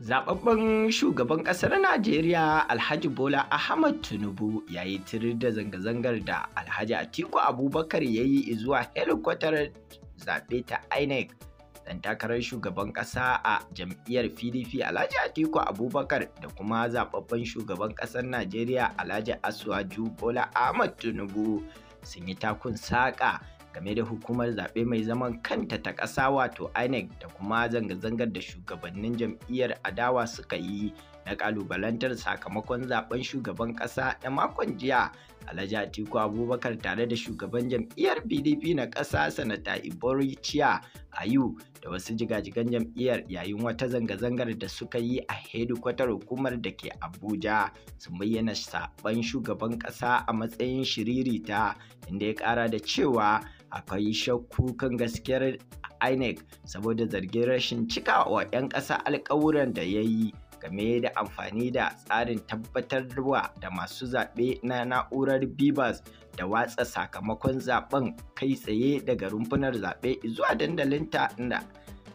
Zababben shugaban ƙasar Najeriya Alhaji Bola Ahmad Tinubu ya yi tirir da zanga-zangar da Alhaji Atiku Abubakar ya yi zuwa helikwatar zaɓe ta INEC. Dan takarar shugaban ƙasa a jam'iyyar PDP Alhaji Atiku Abubakar da kuma zababben shugaban ƙasar Najeriya Alhaji Asuwaju Bola Ahmad Tinubu sun yi takun saƙa game da hukumar zaɓe mai zaman kanta ta ƙasa wato INEC da kuma zanga-zangar da shugabannin jam'iyyar adawa suka yi na ƙalubalantar sakamakon zaɓen shugaban ƙasa na makon jiya Alhaji Atiku Abubakar tare da shugaban jam'iyyar PDP na ƙasa Sanata Ibori Chia Ayu da wasu jigajigan jam'iyyar yayin wata zanga-zangar da suka yi a hedikwatar hukumar da ke Abuja sun bayyana saɓan shugaban ƙasa a matsayin shiririta inda ya ƙara da cewa akwai shakku kan gaskiyar INEC saboda zargin rashin cikawa wa 'yan ƙasa alƙawuran da ya yi game da amfani da tsarin tabbatar tabbatarwa da masu zaɓe na na'urar bibas da watsa sakamakon zaɓen kai tsaye daga rumfunar zaɓe zuwa ta inda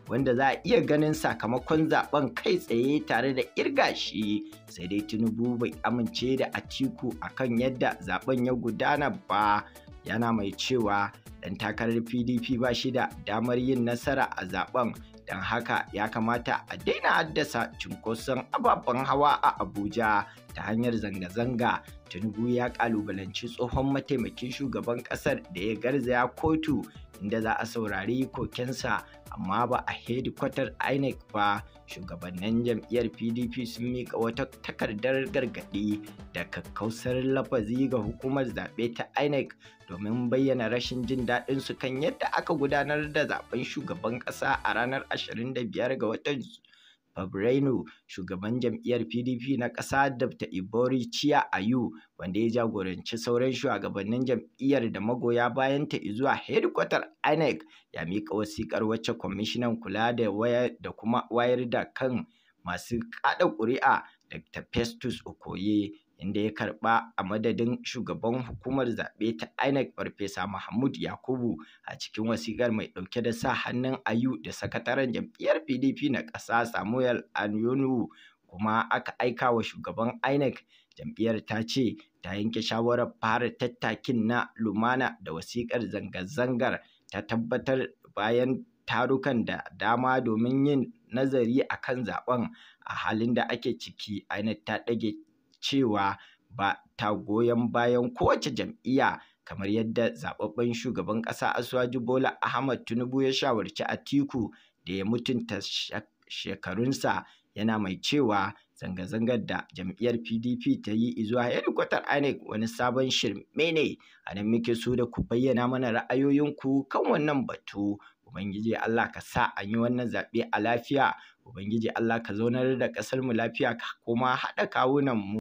wanda za a iya ganin sakamakon zaɓen kai tsaye tare da irga shi sai dai tinubu bai amince da atiku akan yadda zaɓen ya gudana ba yana mai cewa ɗan takarar pdp ba shi da damar yin nasara a zaben don haka ya kamata a daina haddasa cunkoson ababen hawa a abuja ta hanyar zanga-zanga tinubu ya kalubalanci tsohon mataimakin shugaban ƙasar da ya garzaya kotu inda za a saurari kokensa amma ba a hedikwatar inec ba shugabannin jam'iyyar pdp sun mika wata takardar gargaɗi da kakkausar lafazi ga hukumar zaɓe ta inec domin bayyana rashin jin daɗin su kan yadda aka gudanar da zaben shugaban ƙasa a ranar 25 ga watan Fabrairu, shugaban jam'iyyar PDP na ƙasa Dr. Ibori Chia Ayu wanda ya jagoranci sauran shugabannin jam'iyyar da magoya bayanta zuwa hedikwatar INEC ya mika wasikar wacce kwamishinan kula da waya da kuma wayar da kan masu kada ƙuri'a Dr. Festus Okoye inda ya karba a madadin shugaban hukumar zaɓe ta INEC Farfesa Mahmud Yakubu a cikin wasiƙar mai ɗauke da sa hannun Ayu da sakataren jam'iyyar PDP na ƙasa Samuel Anyonu kuma aka aika wa shugaban INEC jam'iyyar ta ce ta yanke shawarar fara tattakin na lumana da wasiƙar zanga-zangar ta tabbatar bayan tarukan da dama domin yin nazari a kan zaɓen a halin da ake ciki INEC ta ɗage cewa ba ta goyon bayan kowace jam'iyya kamar yadda zaɓaɓɓen shugaban ƙasa Asuwaju Bola Ahmad Tinubu ya shawarci a tiku da ya mutunta shekarunsa yana mai cewa zanga-zangar da jam'iyyar PDP ta yi zuwa hedikwatar INEC wani sabon shirme ne a nan muke so da ku bayyana mana ra'ayoyinku kan wannan batu Ubangiji Allah ka sa an yi wannan zaɓe a lafiya, Ubangiji Allah ka zaunar da ƙasarmu lafiya kuma haɗa kawunanmu.